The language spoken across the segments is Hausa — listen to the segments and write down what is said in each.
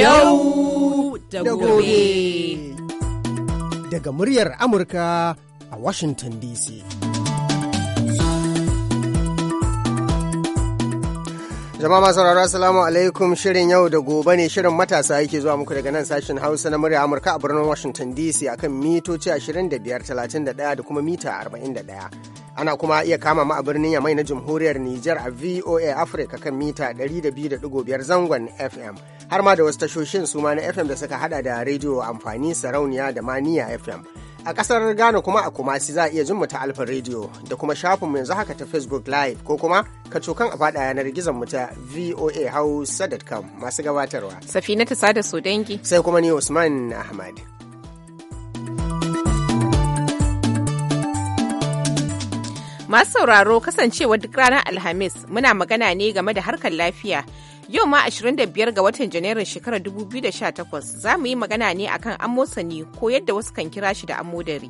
yau da gobe. Daga muryar Amurka a Washington DC. Jama'a masu sauraro Assalamu alaikum shirin yau da gobe ne shirin matasa yake zuwa muku daga nan sashen Hausa na murya Amurka a birnin Washington DC akan mitoci 25, 31 da kuma mita 41. ana kuma iya kama mu a birnin yamai na jamhuriyar Nijar a VOA Africa kan mita biyar zangon FM har ma da wasu tashoshin su ma na FM da suka hada da rediyo amfani sarauniya da maniya FM a kasar Ghana kuma a Kumasi za a iya jin mu ta Alfa Radio da kuma shafin yanzu haka ta Facebook Live ko kuma ka cokan a fada yanar gizon mu ta Hausa.com masu gabatarwa Safina ta sada Sodangi sai kuma ni Usman Ahmad Masu sauraro kasancewa duk ranar Alhamis muna magana ne game da harkar lafiya. Yau ma 25 ga watan Janairun shekarar 2018 za mu yi magana ne akan amosani ko yadda wasu kan kira shi da amodari.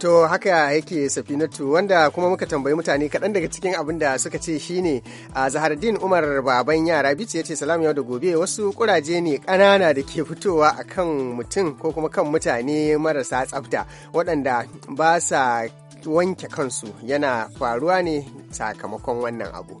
To haka yake safinatu wanda kuma muka tambayi mutane kaɗan daga cikin abin da suka ce shine a Zahardin Umar baban yara bice ya ce salam yau da gobe wasu kuraje ne ƙanana da ke fitowa a kan mutum ko kuma kan mutane marasa tsafta waɗanda ba sa wanke kansu yana faruwa ne sakamakon wannan abu.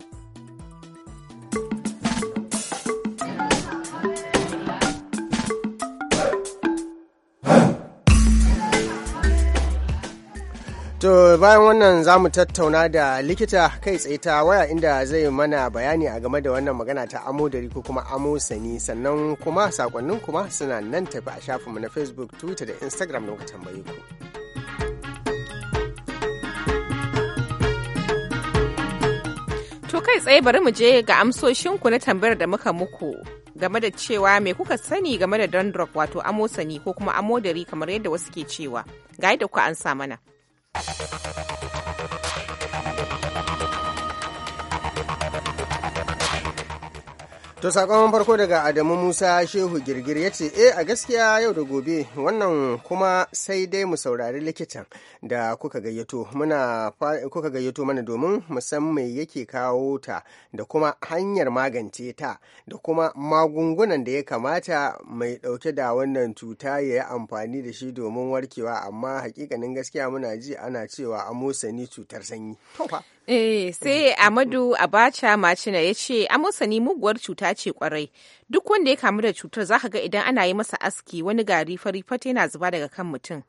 To bayan wannan za mu tattauna da likita kai tsaye ta waya inda zai mana bayani a game da wannan magana ta amo dari ko kuma amo sani sannan kuma sakonnin kuma suna nan tafi a shafinmu na Facebook, Twitter da Instagram lokacin bayyuku. ku. kai tsaye bari mu je ga amsoshinku na tambayar da muka muku game da cewa me kuka sani game da dandruff wato amosani ko kuma amodari kamar yadda wasu ke cewa ga yadda ku an sa mana. To sakon farko daga Adamu Musa Shehu Girgir ya ce, 'Eh a gaskiya yau da gobe wannan kuma sai dai mu saurari likitan da kuka gayyato muna kuka gayyato mana domin mu san me yake kawo ta da kuma hanyar magance ta da kuma magungunan da ya kamata mai dauke da wannan cuta ya yi amfani da shi domin warkewa amma hakikanin gaskiya muna ji ana cewa amosani cutar sanyi." Eh, sai Amadu Abacha Macina ya ce, Amosani muguwar cuta ce kwarai. Duk wanda ya kamu da cutar zaka ga idan ana yi masa aski wani gari fari fata yana zuba daga kan mutum.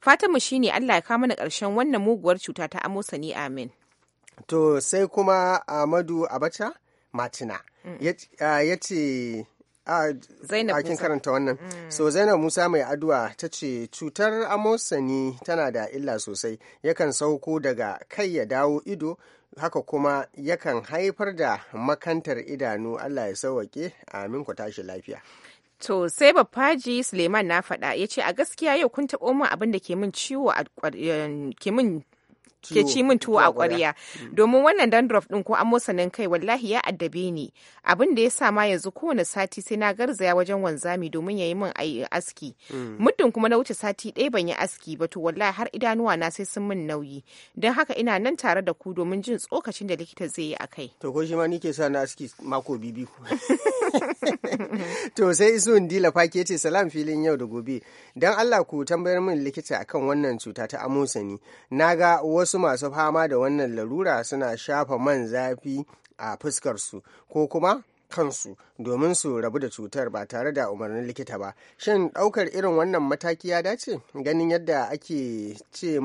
Fatanmu ne Allah ya kawo mana ƙarshen wannan muguwar cuta ta ni amin. To sai kuma Amadu Abacha Macina mm. ah, ya ce Ah, Zainab karanta wannan. Mm. So Zainab Musa mai addu'a ta ce cutar amosani tana da illa sosai yakan sauko daga kai ya dawo ido haka kuma yakan haifar da makantar idanu Allah ya sauwake amin ku tashi lafiya. To sai Bafaji Suleiman na faɗa ya ce a gaskiya yau kun taɓo min abin da ke min ciwo eh, ke min ke ci min tuwo a ƙwarya mm. domin wannan dandruff din ko amosanin kai wallahi ya addabe ni abin da ya sa ma yanzu kowane sati sai na garzaya wajen wanzami domin ya yi min aski mm. muddin kuma na wuce sati ɗaya ban yi aski ba to wallahi har idanuwa na sai sun min nauyi don haka ina nan tare da ku domin jin tsokacin da likita zai yi a kai to ko shi ma ni ke sa na aski mako bibi to sai isu ndila fake ce salam filin yau da gobe don allah ku tambayar min likita akan wannan cuta ta amosani na ga wasu wasu masu fama da wannan larura suna shafa man zafi a fuskarsu ko kuma kansu domin su rabu da cutar ba tare da umarnin likita ba shin ɗaukar irin wannan mataki ya dace ganin yadda ake ce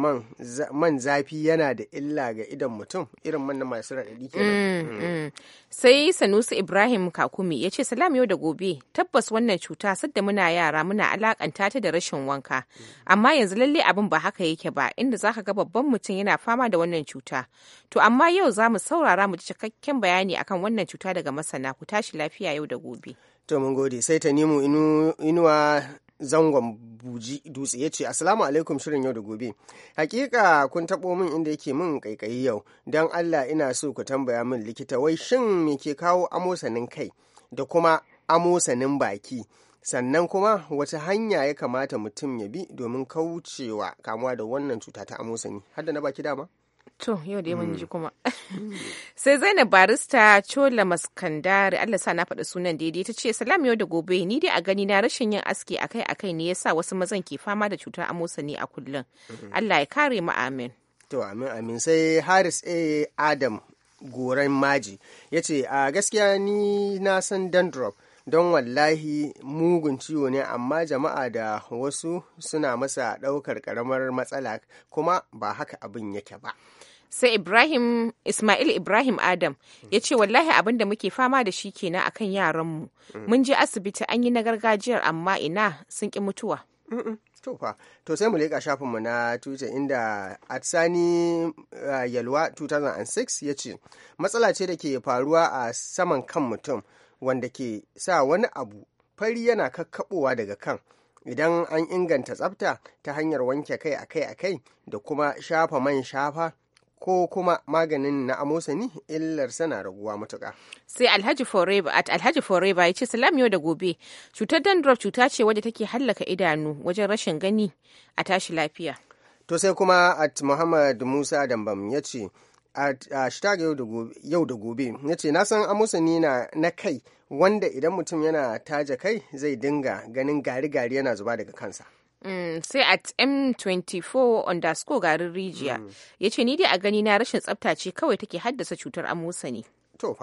man zafi yana da illa ga idan mutum irin wannan masu raɗaɗi kenan mm, mm. Mm. sai sanusi ibrahim kakumi ya ce salam yau da gobe tabbas wannan cuta sadda muna yara muna alakanta ta da rashin wanka amma yanzu lalle abin ba haka yake ba inda za ka ga babban mutum yana fama da wannan cuta to amma yau za mu saurara mu ji cikakken bayani akan wannan cuta daga masana ku tashi lafiya yau da gobe. To mun gode sai ta nemo inuwa zangon buji dutse ya ce asalamu alaikum shirin yau da gobe hakika kun taɓo min inda yake min kaikayi yau don allah ina so ku tambaya min likita wai shin me ke kawo amosanin kai da kuma amosanin baki sannan kuma wata hanya ya kamata mutum ya bi domin kaucewa kamuwa da wannan cuta ta amosani har da na baki dama To yau da mm. ji kuma. Mm. Sai Zainab Barista Chola Maskandari Allah sa na faɗa sunan daidai ta ce salam yau da gobe ni dai a gani na rashin yin aski akai akai ne yasa wasu mazan ke fama da cutar amosani a kullum. Allah ya kare mu amin. To amin amin sai Haris A Adam goren maji ya ce a gaskiya ni na san dandrop. don wallahi mugun ciwo ne amma jama'a da wasu suna masa ɗaukar ƙaramar matsala kuma ba haka abin yake ba. sai ibrahim ismail ibrahim adam mm. ya ce wallahi abin da muke fama da shi kenan akan yaranmu mm. mun je asibiti an yi na gargajiyar amma ina sun ki mutuwa to to sai mu leƙa shafinmu na twitter inda atsani uh, yalwa 2006 ya ce matsala ce da ke faruwa a saman kan mutum wanda ke sa wani abu fari yana kakkaɓowa daga kan idan an inganta tsafta ta hanyar wanke kai akai-akai da kuma shafa man shafa ko kuma maganin na amosani illar sana raguwa matuka. Sai Alhaji forever at Alhaji forever ya ce salam yau da gobe cutar dandruff cuta ce wadda take hallaka idanu wajen rashin gani a tashi lafiya. To sai kuma at Muhammad Musa Dambam ya ce a shitaga yau da gobe ya ce na san amosani na kai wanda idan mutum yana taja kai zai dinga ganin gari-gari yana zuba daga kansa. Mm, sai at m24 underscore garin rijiya mm. ya ce ni dai a gani na rashin tsafta ce kawai take haddasa cutar amusa ne to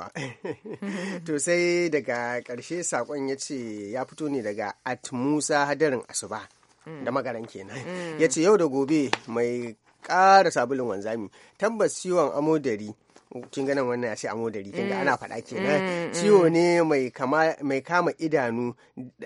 to sai daga karshe sakon ya ce ya fito ne daga at musa hadarin asuba mm. da magaran kenan mm. ya ce yau da gobe mai ƙara sabulin wanzami tabbas ciwon amodari kin ganin wannan ya sai amo da kin da mm. ana faɗa kenan mm, ciwo mm. ne mai kama idanu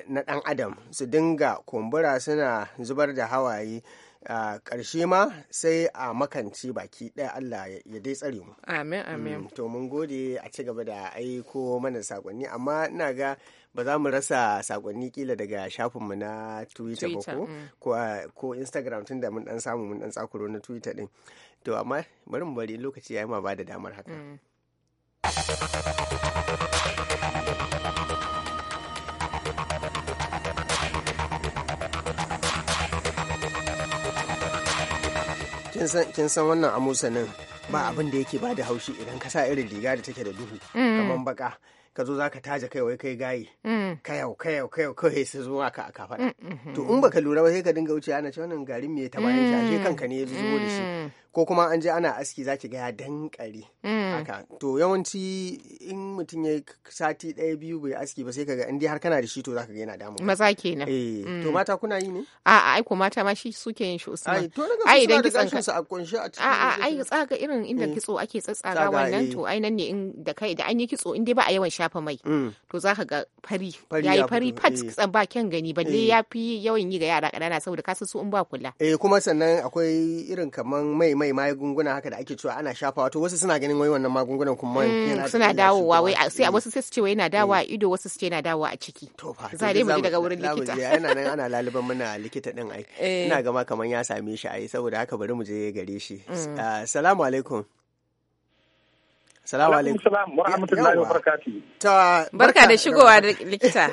na ɗan adam su dinga kumbura suna zubar da hawaye a ƙarshe ma sai a makanci baki ɗaya Allah ya dai tsare mu. Amin amin. To mun gode a ci gaba da aiko mana sakonni amma ina ga ba za mu rasa sakonni kila daga shafinmu na Twitter ba ko ko Instagram tunda mun dan samu mun dan tsakuro na Twitter din. to amma bari mu bari lokaci ya yi ma ba da damar haka mm. kin san wannan amusanin ba abin da yake da haushi idan ka sa irin riga da take da duhu mm. kamar baka ka zo zaka taja kai wai kai gayi kayau mm. kayau ka yau sai zo ka a fada to in baka lura ba sai ka dinga wuce ana ce wannan garin me ta bayan shi kanka ne ya zo da shi ko kuma an je ana aski zaki ga ya dankare mm. haka to yawanci in mutum ya sati ɗaya biyu bai aski ba sai kaga in dai har kana da shi to zaka ga yana damu maza kenan eh to mm. mata kuna yi ne a a ai ko mata ma shi suke yin shi usman ai to daga ai idan kitsan a kunshi a cikin a ai tsaga irin inda eh, kitso ake tsatsaga wannan eh. to ai nan ne in da kai da an yi kitso in dai ba a yawan shafa mai mm. to zaka ga fari yayi fari pat kitsan eh. ba kyan gani balle ya fi yawan yi ga yara ƙanana saboda kasu su in ba kula eh kuma sannan akwai irin kaman mai mai magunguna haka da ake cewa ana shafawa to wasu suna ganin wai wannan magungunan kuma mm, yana suna dawowa wai sai wasu sai su ce wai yana dawowa a mm. ido wasu su ce yana dawowa a ciki to fa za dai mu daga wurin likita yana nan ana laliban muna likita din ai eh. ina gama kaman ya same shi ai saboda haka bari mu je gare shi mm. assalamu ah, alaikum Salamu alaikum. wa rahmatullahi wa barakati. Ta barka da shigowa da likita.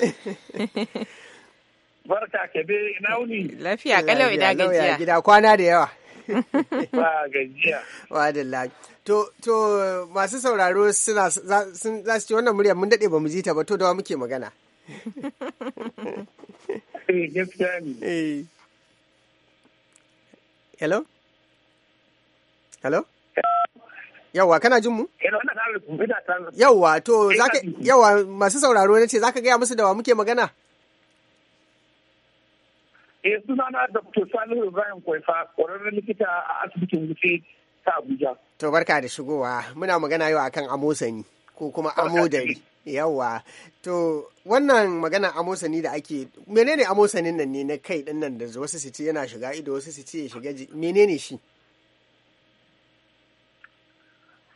Barka ke be ina wuni. Lafiya kalau idan gajiya. Gida kwana da yawa. Ba gajiya. To, to masu sauraro suna za su ce wannan muryar mun daɗe ba mu ji ta ba to dawa muke magana. Eh, eh. Hello? Hello? Yawwa kana jin mu? Eh, yawwa to yawwa masu sauraro na ce zaka gaya musu da wa muke magana? eh na da salihu ibrahim kwaifa ƙwararren likita a asibitin wuce ta abuja to barka da shigowa muna magana yau akan amosani ko kuma amodari yawa to wannan magana amosani da ake menene amosanin nan ne na kai din nan da wasu su ce yana shiga ido wasu su ce ya shiga menene shi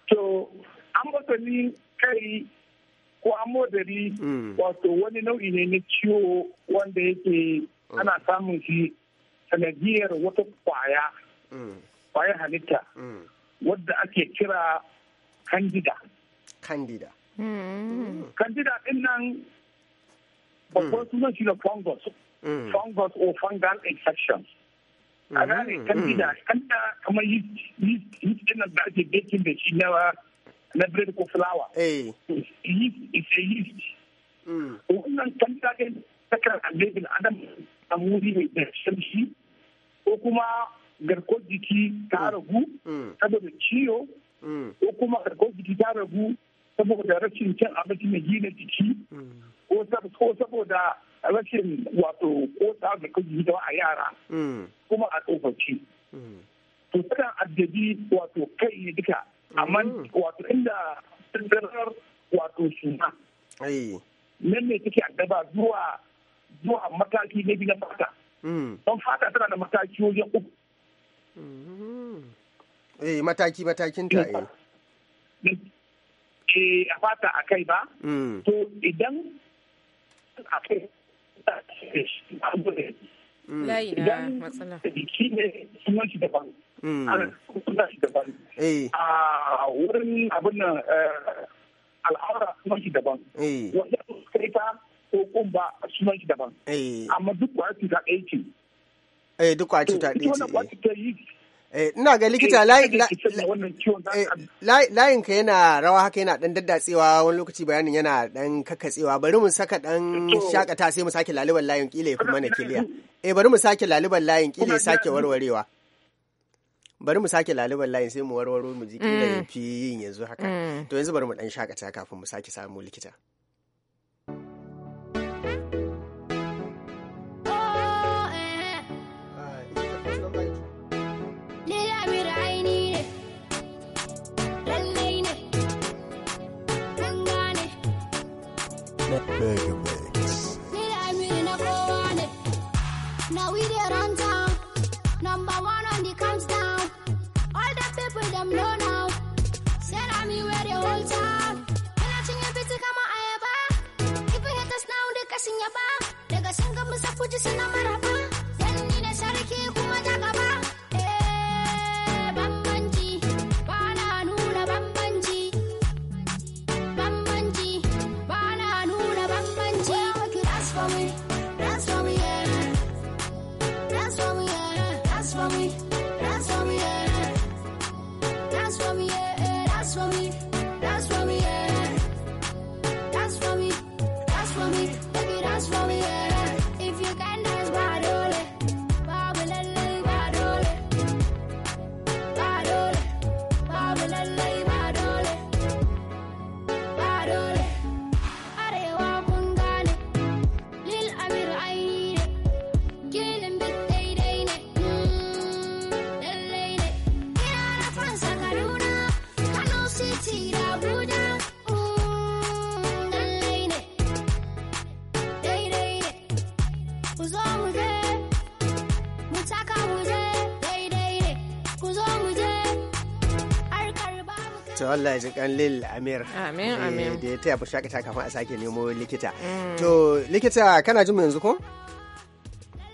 to amosani kai ko amodari hmm. wato wani nau'i ne na ciwo wanda yake ana samun shi sanadiyar wata kwaya mm. kwayar halitta mm. wadda ake kira candida candida mm. candida din nan babban sunan shi na fungus fungus or fungal infections a gane candida candida kamar yeast din nan da ake baking da shi na na bread ko flour eh. yeast is a yeast wannan candida din sakar annabin adam a muri mai ɗarshen shi, ko kuma garkon jiki ta mm. ragu mm. saboda ciwo mm. ko kuma garkon jiki ta ragu saboda rashin cin abinci mai gina jiki ko saboda rashin wato kosa da jiki da a yara kuma a tsofaffi to sukan addabi wato kai ne duka amma wato inda tsirrar wato suna nan ne take addaba zuwa zuwa mataki na biyu na fata mm. don fata tana da mataki wajen uku mm-hmm. eh mataki matakin ta eh eh a fata a kai ba mm. to idan a kai mm. layi na matsala jiki ne sunan shi daban ah, sunan shi daban eh. a ah, wurin abin nan eh, al'aura sunan shi daban eh. wajen kai ta ko kumba sunan shi daban eh. amma duk kwa cuta ɗaya ce eh duk kwa cuta ɗaya ce eh. eh, ina ga likita layin ka yana rawa haka yana dan daddatsewa wani lokaci bayanin yana dan kakatsewa bari mu saka dan shakata sai mu sake laliban layin kila ya fi mana kiliya eh bari mu sake laliban layin kila ya sake warwarewa bari mu sake laliban layin sai mu warwaro mu ji kila mm. ya fi yin yanzu haka mm. to yanzu bari mu dan shakata kafin mu sake samu likita them know now. Said I'm here the whole time. Ina cin ya biti kama ayaba. Kifi hitas na wanda kashin yaba. Daga sun ga musa fuji my maraba. to Allah ji kan lil Amir amin eh, amin da ya taya bu shakata kafin a sake nemo likita mm. to likita kana jin mu yanzu ko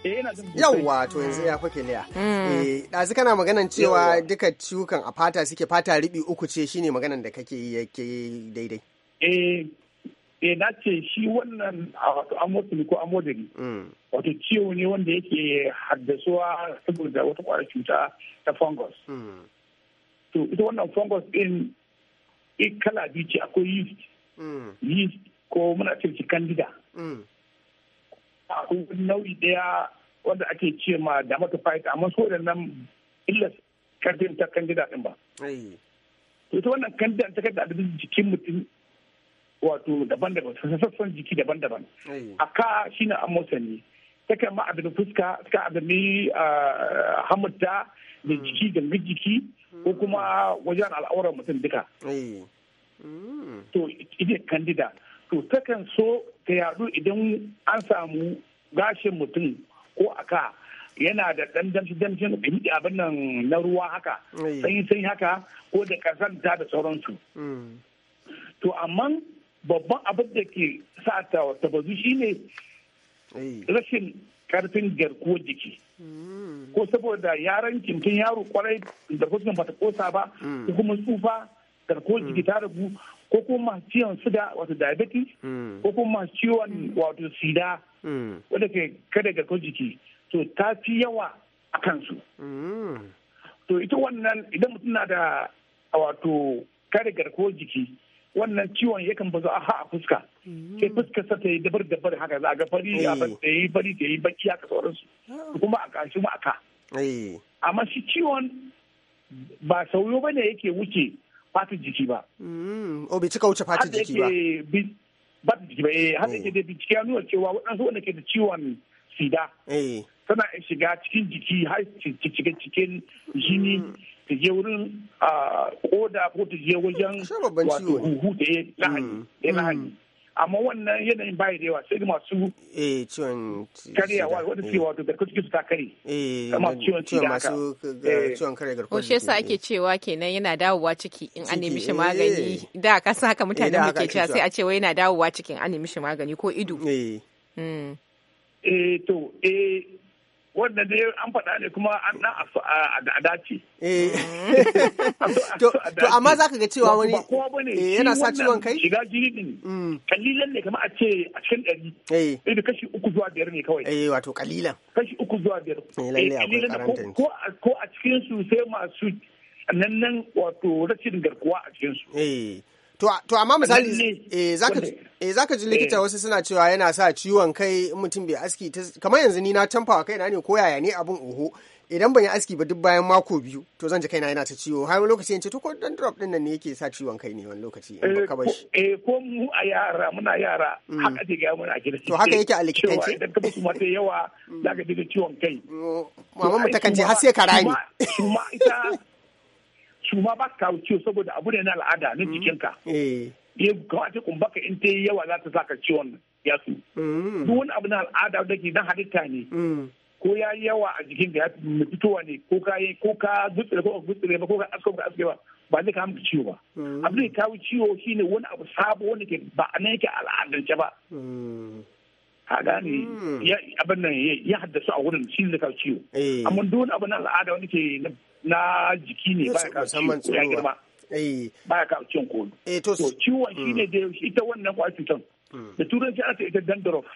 eh, yawwa to yanzu ya fake liya mm. eh, ɗazu kana maganan cewa duka ciwukan a fata suke fata riɓi uku ce shine maganan da kake yi yake daidai eh na ce shi wannan a wato amosili ko amodari mm. wato ciwo ne wanda yake haddasuwa saboda wata kwara cuta ta fungus to ita wannan fungus din kala biyu ce akwai yeast mm. yeast ko muna ce shi candida mm. akwai nau'i daya wanda ake ce ma dermatophyte amma su nan illa karfin ta candida din ba to ita wannan candida ta kai da jikin mutum wato daban-daban sassan jiki daban-daban a ka shine amosani kai ma abin fuska ta kai abin ah, hamurta da mm. jiki gangan jiki ko kuma wajen al'aurar mutum duka to ita candida to takan so ta yadu idan an samu gashin mutum ko aka yana da ɗan damshi damshin abin nan na ruwa haka sanyi sanyi haka ko da ta da sauransu mm. to amma babban abin da ke sa ta bazu ne rashin karfin garkuwar jiki ko saboda yaran kintin yaro kwarai da kusan bata kosa ba ko kuma tsufa da ko jiki ta rabu ko kuma masu ciwon suga wato diabetes ko kuma masu ciwon wato sida wanda ke kada ga jiki to ta fi yawa a kansu to ita wannan idan mutum na da wato kare garkuwar jiki wannan ciwon yakan bazu a a fuska mm. sai fuska sa ta yi dabar dabar haka za a ga fari a oh. ta yi fari ta yi baki haka sauransu oh. kuma a kashi ma aka eh. amma shi ciwon ba sauyo bane yake wuce fatin jiki ba mm. o oh, bai cika wuce fatin jiki ba ba jiki ba eh har yake da bincike ya nuna cewa waɗansu wanda ke da ciwon sida tana eh. shiga cikin jiki har cikin jini mm. ta je wurin koda ko ta je wajen wato huhu da ya mm, mm. lahani amma wannan yanayin bayi da yawa sai masu eh, karyawa wadda suke mm. wato da cikin su ta kare eh, kama ciwon ciki da haka eh. ciwon kare garkuwar jiki yasa ake cewa kenan yana dawowa ciki in an nemi shi magani da ka sa haka mutane muke cewa sai a ce wai yana dawowa ciki in an nemi shi magani ko ido eh to eh wanda dai an faɗa ne kuma an ɗan a dace. Eh. To amma za ka ga cewa wani eh, yana sa ciwon kai? Shiga jini din mm. kalilan ne kama a ce a cikin ɗari. Ibi eh. kashi uku zuwa biyar ne kawai. Eh wato kalilan. Kashi uku zuwa biyar. Kalilan ko a cikin su sai masu nan nan wato rashin garkuwa a cikin su. To amma misali eh zaka eh, ji likita eh. wasu suna cewa yana sa ciwon kai mutum bai aski kamar yanzu ni na tamfawa na ne ko yaya ne abun oho idan ban yi aski ba duk bayan mako biyu to zan ji kaina yana ta ciwo har wani lokaci yace to ko dan drop din nan ne yake sa ciwon kai ne wani lokaci in eh, ka shi eh ko mu a yara muna yara mm. haka ake ga muna girki to haka yake a likitanci? idan ka basu mata yawa mm. zaka ji ciwon kai mm. mama mu ta har sai ka rani kuma ita su ma ba su kawo ciwo saboda abu ne na al'ada na mm. jikinka eh. ya kun baka in ta yi yawa za ta saka ciwon ya su mm. duk wani abu na al'ada da ke dan halitta ne mm. ko ya yi yawa a jikin ka ya fitowa ne ko ka yi ko ka gutsire ko ka gutsire ba ko ka aske ko ka aske ba ba zai kawo ciwo ba abu ne kawo ciwo shine wani abu sabo wani ke ba a nan yake al'adance ba haɗa ne abin nan ya haddasa a wurin shi ne kawo ciwo eh. amma duk wani abu na al'ada wani ke na jiki ne baya ka eh. ciwon ya girma baya ka ciwon kodu. to ciwon shi ne mm. da ita wannan kwa cutar mm. da turanci ana ce ita dandruff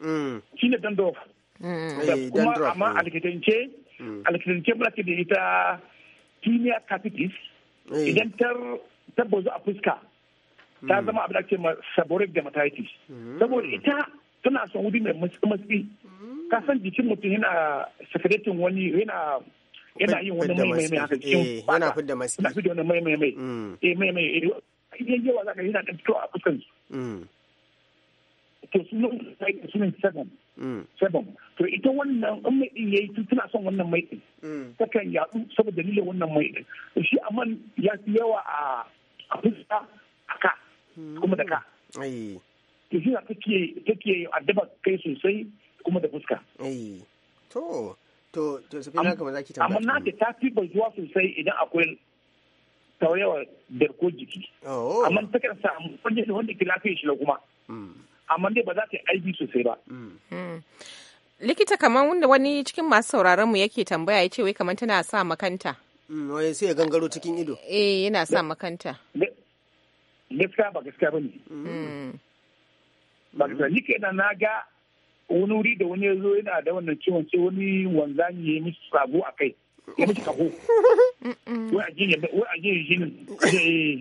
mm. shi ne dandruff da eh, kuma amma eh. alkitance alkitance ba ce da ita tinea capitis idan ta bazu a fuska ta zama abin da ake ma seborrheic dermatitis saboda ita tana son wuri mai matsi ka san jikin mutum yana sakadatin wani yana yana yin wani maimai a cikin eh, yana fidda maski yana fidda wani mm. eh, maimai mai mai eh mai mai eh idan yawa zaka yana da fito a kusan su mm. to sun yi sai su nan seven mm. seven to ita wannan in mai din yayi tana son wannan mai din takan yadu saboda dalilin wannan mai din shi amman ya fi yawa a a fuska a ka kuma da ka ai to shi take take addaba kai sosai kuma da fuska ai to To, to su fina kamar zaki tambaya. Amma nata ta fi bazuwa sosai idan akwai taurewar garkuwar jiki. Oh. Amma ta kan samu wanda ne wanda ke lafiya shi kuma. Mm. Amma dai ba za ta yi aiki sosai ba. Mm. Hmm. Likita kamar wanda wani cikin masu sauraron mu yake tambaya ya ce wai kamar tana sa makanta. Mm, wai sai ya gangaro cikin ido. Eh yana sa makanta. Gaskiya ba gaskiya ba ne. Hmm. Ba gaskiya ni kenan na ga wani wuri da wani ya zo yana da wannan ciwon sai wani ne ya yi mishi sabo a kai ya mishi kaho wai a jiya ne eh.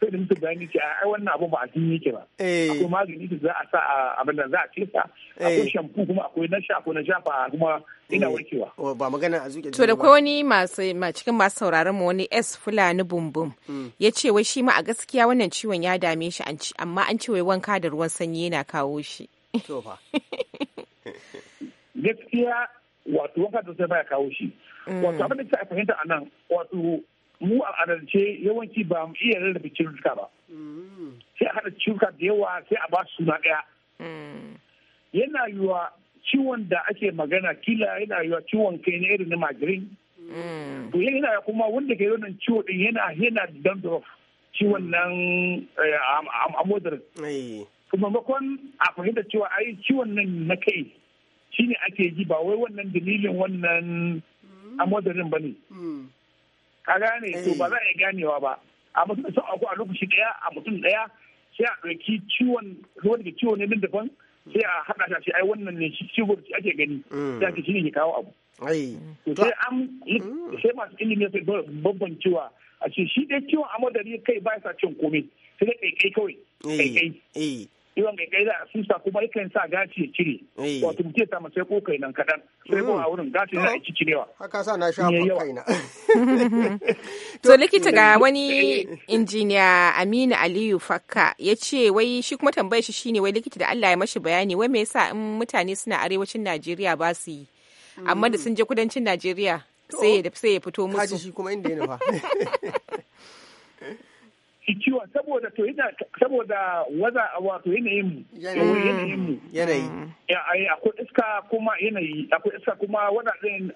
sai da mutu bayani ce ai wannan abu ba a jini yake ba eh. akwai magani da za a sa a abin da za a cesa eh. akwai shampu kuma akwai na shafa na shafa kuma ina warkewa oh, ba magana a zuke to da kai wani masu cikin masu sauraron mu wani S Fulani bumbum mm. ya ce wai shi ma a gaskiya wannan ciwon ya dame shi amma an ce wai wanka da ruwan sanyi yana kawo shi to fa gaskiya wato wanka da sai baya kawo shi mm. wato abin da ta fahimta a nan wato mu a adalce yawanci ba mu iya rarrabe cututtuka ba mm. sai a hada cututtuka da yawa sai a ba su suna daya mm. yana yiwa ciwon da ake magana kila yana yiwa ciwon kai na irin na magirin to yana kuma wanda ke wannan ciwo din yana yana dandruff ciwon nan eh, amodar eh. makon a fahimta cewa ai ciwon nan na kai shine ake ji ba wai wannan dalilin wannan hmm. modernin ba ne hmm. ka gane to eh. ba za a ganewa ba a mutum sun aku a lokaci daya a mutum daya sai a ɗauki ciwon ruwan da ciwon ne daban sai a haɗa shi ai wannan ne ciwon da ake gani hmm. sai ake shine ke kawo abu sai sai masu ilimi sai babban cewa a ce shi dai ciwon amadari kai ba sa cin komai sai dai kai kai kawai eh. kai kai eh. iwa mai gaida a sa kuma yakan sa gaci ya cire eh. wato mutum ya samu sai ko kai nan kadan sai ko a wurin gaci na mm. ci cirewa haka sa na sha na to likita ga wani injiniya Aminu Aliyu Fakka ya ce wai shi kuma tambayar shi shine wai likita da Allah ya mashi bayani wai me yasa in mutane suna arewacin Najeriya ba su yi amma da mm. sun je kudancin Najeriya sai ya fito musu kaji shi kuma inda ya nufa ciwa saboda to yana saboda waza wato yanayin mu yanayin mu yanayi akwai iska kuma yanayi akwai iska kuma zai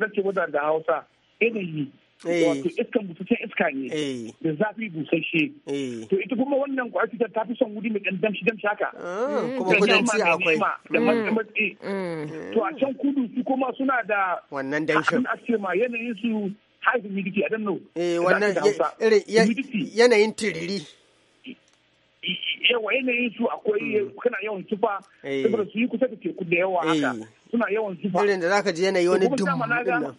zace wadar da Hausa yanayi eh. wato iskan busasshen iska ne eh. da zafi busasshe eh. to ita kuma wannan kwayar ta fi son wuri mai dan damshi damshi haka ah, kuma ci akwai da mm. matsi mm. to a can kudu su kuma suna da wannan danshin a ce ma yanayin su high humidity, I don't know. Eh, wannan yanayin tiriri. Eh, eh, eh, yawa yanayin su akwai hmm. kana yawan tufa, saboda su yi kusa da teku da yawa haka. Suna yawan tufa. Irin da zaka ji yanayi wani dumu.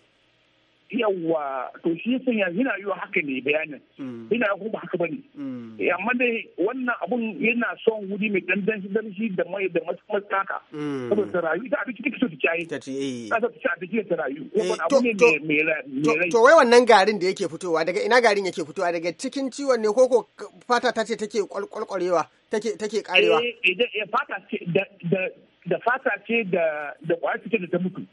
yawwa to shi sun yanzu yana yiwa haka ne bayanin mm. yana ko ba haka bane mm. eh, amma dai wannan abun yana son wuri mai dandan shi da mai da matsaka mm. saboda ta rayu da abin kike so ta kiyaye ta eh ta ci abinci ta rayu eh, wannan abu ne mai rai to wai wannan garin da yake fitowa daga ina garin yake fitowa daga cikin ciwon ne koko fata ta ce take kwalkwarewa take take karewa eh, eh fata ce da da fata ce da da kwaya ce da ta mutu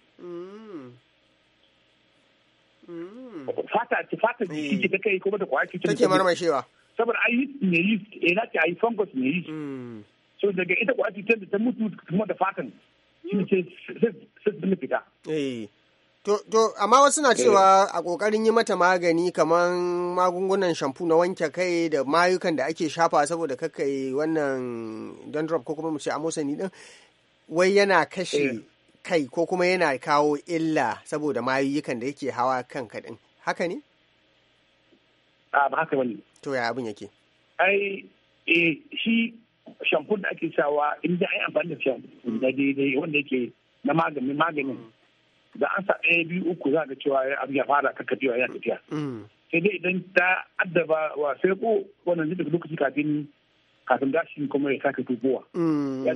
fata ta fata ciki eh. ta kai kuma ta kwaya cutar take marmashewa saboda ayi ne yi ina ce ayi fungus ne yi hmm. so daga ita kwaya cutar da ta mutu kuma da fatan shi ce sai fita eh. To, to amma wasu na cewa eh. a ƙoƙarin yi mata magani kamar magungunan shampu na wanke kai da mayukan da ake shafa saboda kakai wannan dandruff ko kuma mu ce amosani din wai yana kashe kai ko kuma yana kawo illa saboda mayuyyukan da yake hawa kan kaɗin haka ne? a ba haka wani to ya abin yake ai eh shi shampo da ake sawa in da ai amfani da shampo da daidai wanda yake na maganin maganin da an sa ɗaya biyu uku za ka cewa abu ya fara kakkacewa ya tafiya mm. sai dai idan ta addaba wa sai ko wannan zai lokaci kafin kafin gashin kuma ya sake tubuwa. Mm. ya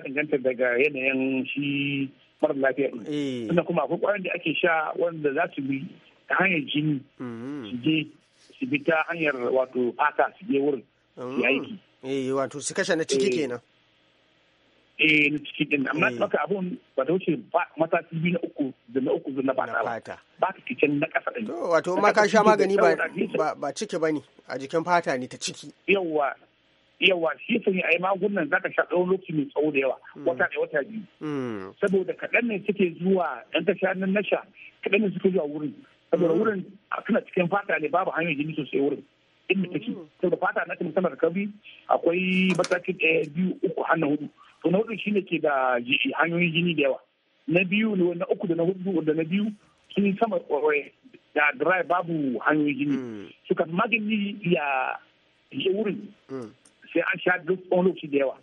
danganta daga yanayin shi mara lafiya ɗin sannan eh. kuma akwai ƙwayoyin da ake sha wanda za su bi ta hanyar jini mm-hmm. su je su bi ta hanyar wato fata su je wurin su mm-hmm. aiki eh wato su kashe na ciki eh. kenan eh na ciki din amma eh. maka abun ba ta wuce mataki biyu na uku da na uku da na fata ba ta cikin na kasa din wato ma ka sha magani ba ba ciki bane a jikin fata ne ta ciki yawa yawa shi sun yi ai magungunan za ka sha ɗau lokaci mai tsawo da yawa mm. wata da wata biyu mm. saboda kaɗan ne suke zuwa ɗan ta sha nan nasha kaɗan ne suke zuwa wurin saboda mm. wurin suna cikin fata ne babu hanyar jini sosai wurin inda take saboda fata na cikin sama da kabi akwai matakin ɗaya biyu uku har na hudu to na hudu ne ke da hanyoyin jini da yawa na biyu ne na uku da na hudu da na biyu sun yi sama eh, eh, da dry babu hanyoyin jini suka magani ya je wurin sai an sha duk wani lokaci da yawa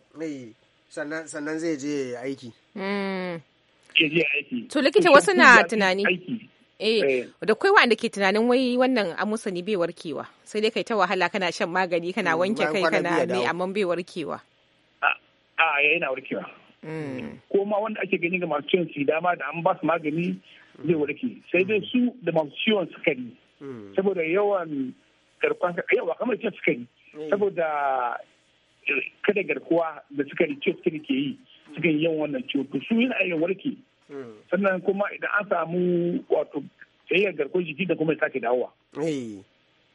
sannan zai je aiki ke hmm. je aiki to likita wasu na tunani eh, eh da kai wanda ke tunanin wai wannan amusani bai warkewa sai dai kai ta wahala kana shan magani kana hmm, wanke kai kana ne amma bai warkewa a yana warkewa hmm. ko ma wanda ake gani ga masu ciwon sida ma da an ba su magani zai warke sai dai su da masu ciwon sukari saboda yawan garkon yawa kamar ciwon sukari eh. saboda kada garkuwa da suka rike suka ke yi suka yi yawan wannan ciwo to su yana iya warke sannan kuma idan an samu wato tsayayyar garkuwar jiki da kuma ya sake dawowa. Eh.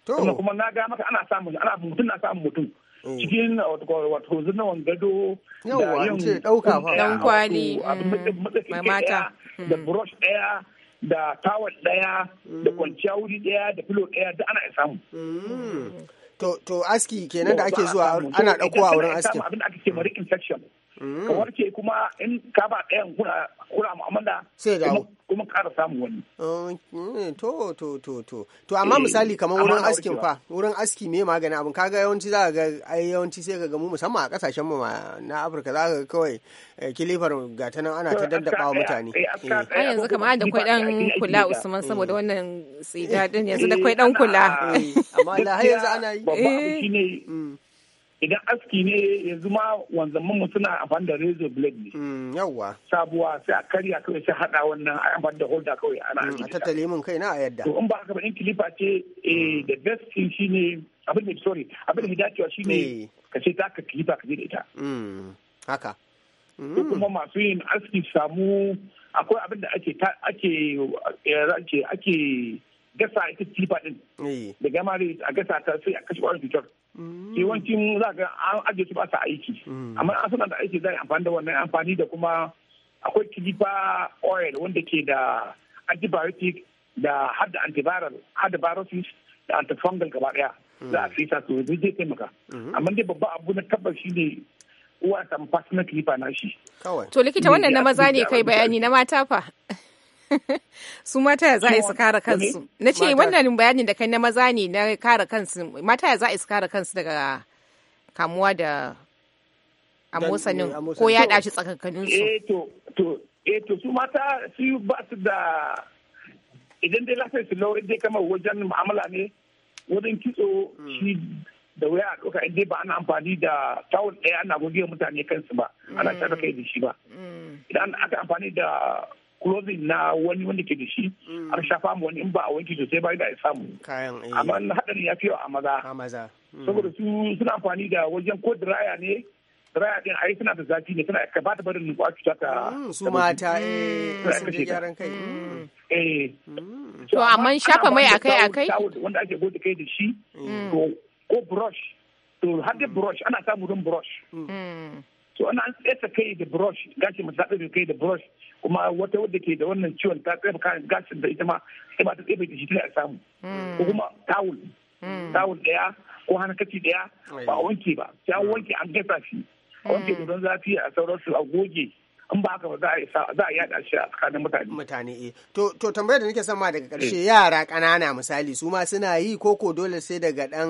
Sannan kuma na ga maka ana samun ana mutum na samun mutum. Eh. Cikin wato zinawan gado da yin ɗauka fa. Dan kwali mm, mai mata. Da mm. brush ɗaya da tawul daya da mm. kwanciya wuri daya da filo daya da ana samu. To, aski kenan da ake zuwa ana ɗauko a wurin aski Abin da ake ce ma infection. Mm. ka warke kuma in ka ba ɗayan kuna kula mu'amala sai dawo kuma ƙara samu wani to to to to to amma eh, misali kamar wurin askin fa wurin aski me magani abin kaga yawanci za ga ai yawanci sai ka ga mu musamman a kasashen mu na Afirka za ka ga kawai eh, kilifar gata nan ana ta eh, wa mutane a yanzu kamar da kwai dan kula Usman saboda mm. wannan tsida din yanzu da kwai dan kula amma har yanzu ana yi idan aski ne yanzu ma wanzan mu suna amfani da razor blade ne mm, yawwa sabuwa sai a karya kawai sai hada wannan a amfani da holder kawai ana mm, a tattale mun kai na a yadda to in ba haka ba in kilifa ce eh, mm. the best thing shine abin da sorry abin da ya dacewa shine eh. ka ce ta ka kilifa ka je da ita haka ko kuma masu yin aski samu akwai abin da ake ake eh, ake gasa ita tifa din eh. da gama a gasa ta sai a kashe kwarin cutar mm. yawancin za ga an ajiye su ba sa aiki mm. amma an suna da aiki zai amfani da wannan amfani da kuma akwai kilifa oil wanda ke da antibiotic da hada antiviral hada viruses da antifungal gaba daya za a mm. sa su zai zai taimaka mm-hmm. amma dai babba abu na tabbas ne uwa ta fasna kilifa na shi to likita wannan na maza ne kai bayani na mata fa su mata za a su kare kansu na ce wannan bayanin da kai na maza ne na kare kansu mata za a su kare kansu daga kamuwa da amosanin eh, ko ya dashi tsakankanin su eto eh, eh, to su mata su ba su da idan dai lafiya su lau dai kamar wajen mu'amala ne wajen kitso hmm. shi da waya a ɗauka in dai ba ana amfani da tawul ɗaya ana goge mutane kansu ba ana hmm. shafa kai da shi ba hmm. idan aka amfani da clothing na wani wanda ke da shi mm. an shafa mu wani in ba a wanki sosai ba da ya samu eh. amma na hadarin ya fi a maza mm. saboda su suna amfani da wajen ko diraya ne diraya din ai suna da zafi ne suna ka ba ta barin kwa cuta ta mm, su mata eh sun je gyaran kai eh to amma shafa mai akai akai wanda ake gode kai da shi ko brush to har da brush ana samu don brush so ana an tsetsa kai da brush gashi mu ta kai da brush kuma wata wadda ke da wannan ciwon ta tsefe kan gashi da ita ma sai ba ta tsefe da shi tana samu hmm. ko kuma tawul hmm. tawul daya ko kaci daya ba a wanke ba sai an hmm. wanke an gasa shi wanke da don zafi a sauransu a goge in ba haka ba za a yada shi a tsakanin mutane mutane eh to to tambayar da nake sama daga karshe eh. yara ƙanana misali su ma suna yi koko dole sai daga dan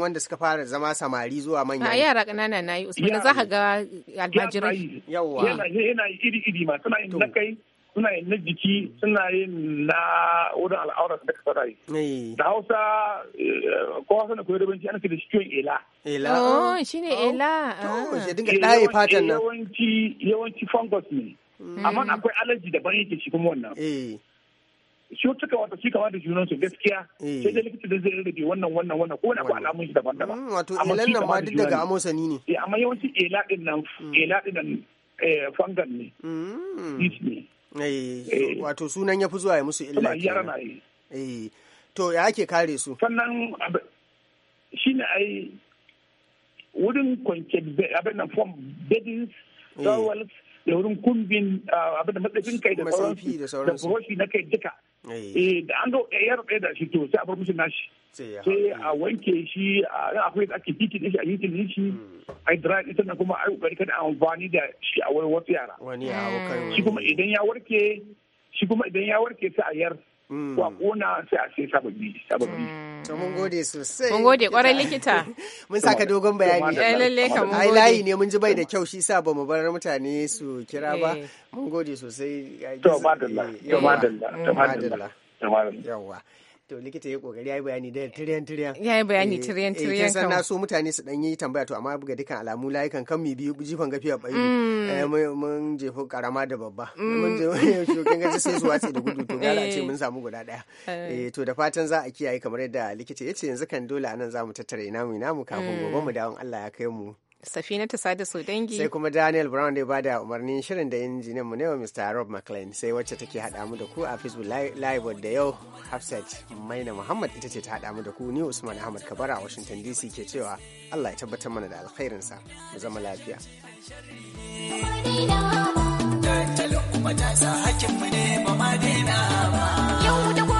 wanda suka fara zama samari zuwa manya yara ƙanana na yi usman za ka ga almajirai yawa yana yi iri iri ma suna yin na kai suna yin na jiki suna yin na wurin al'aura da ka saurari. Da Hausa eh, kowa suna koyar da ana da ciwon ela. Ela. Oh, oh. ne ela. oh ah. shi eh, dinga ɗaya fatan nan. Yawanci yawanci fungus ne. Hmm. Amma akwai allergy daban yake shi kuma wannan. cutuka wata shi kama da junan su gaskiya sai da likita da zai rarrabe wannan wannan wannan ko wani akwai alamun shi daban daban hmm, wato elan nan ma duk daga amosani ne eh amma yawanci ela din nan hmm. ela din nan eh, fangan ne ne Eh, eh. wato sunan ya fi zuwa ya musu illa kenan eh to ya ake kare su sannan ne ai wurin kwanke abin nan form beddings eh. towels da wurin kumbin ah, abin da matsafin kai da sauransu da buroshi na kai duka da an ga yaro ɗaya da shi to sai a bar musu nashi sai a wanke shi a yi akwai da ake titin shi a hmm. yi titin shi a dry din sannan kuma a kokari kada amfani da shi a wani wasu yara shi kuma idan ya warke shi kuma idan ya warke sai a yar hmm. ko a kona sai a sai sababbi sababbi hmm. to mun gode sosai mun gode kwarai likita mun saka dogon bayani eh lalle kan mun gode layi ne mun ji bai da kyau shi sa bamu bar mutane su kira ba eh. mun gode sosai to madalla to madalla eh. to madalla yawa to likita ya kokari ya bayani da tiryan tiryan ya bayani eh, tiryan eh, tiryan kan san so mutane su dan yi tambaya to amma buga dukkan alamu layukan kan mi biyu jifan gafiya bai mm. eh, mun jefa karama da babba mm. mun je shokin gaji sai su watsi da gudu to gara ce mun samu guda daya eh to da fatan za a kiyaye kamar yadda likita yace yanzu kan dole anan zamu tattare namu namu kafin mm. gobe mu dawon Allah ya kai mu Safina ta sada su dangi. Sai kuma Daniel Brown da ya bada umarnin shirin da injiniyan mu ne wa Mr. Rob McLean sai wacce take hada mu da ku a Facebook Live da yau Hafsat Maina Muhammad ita ce ta hada mu da ku ni Usman Ahmad Kabara a Washington DC ke cewa Allah ya tabbatar mana da sa mu zama lafiya. Yau da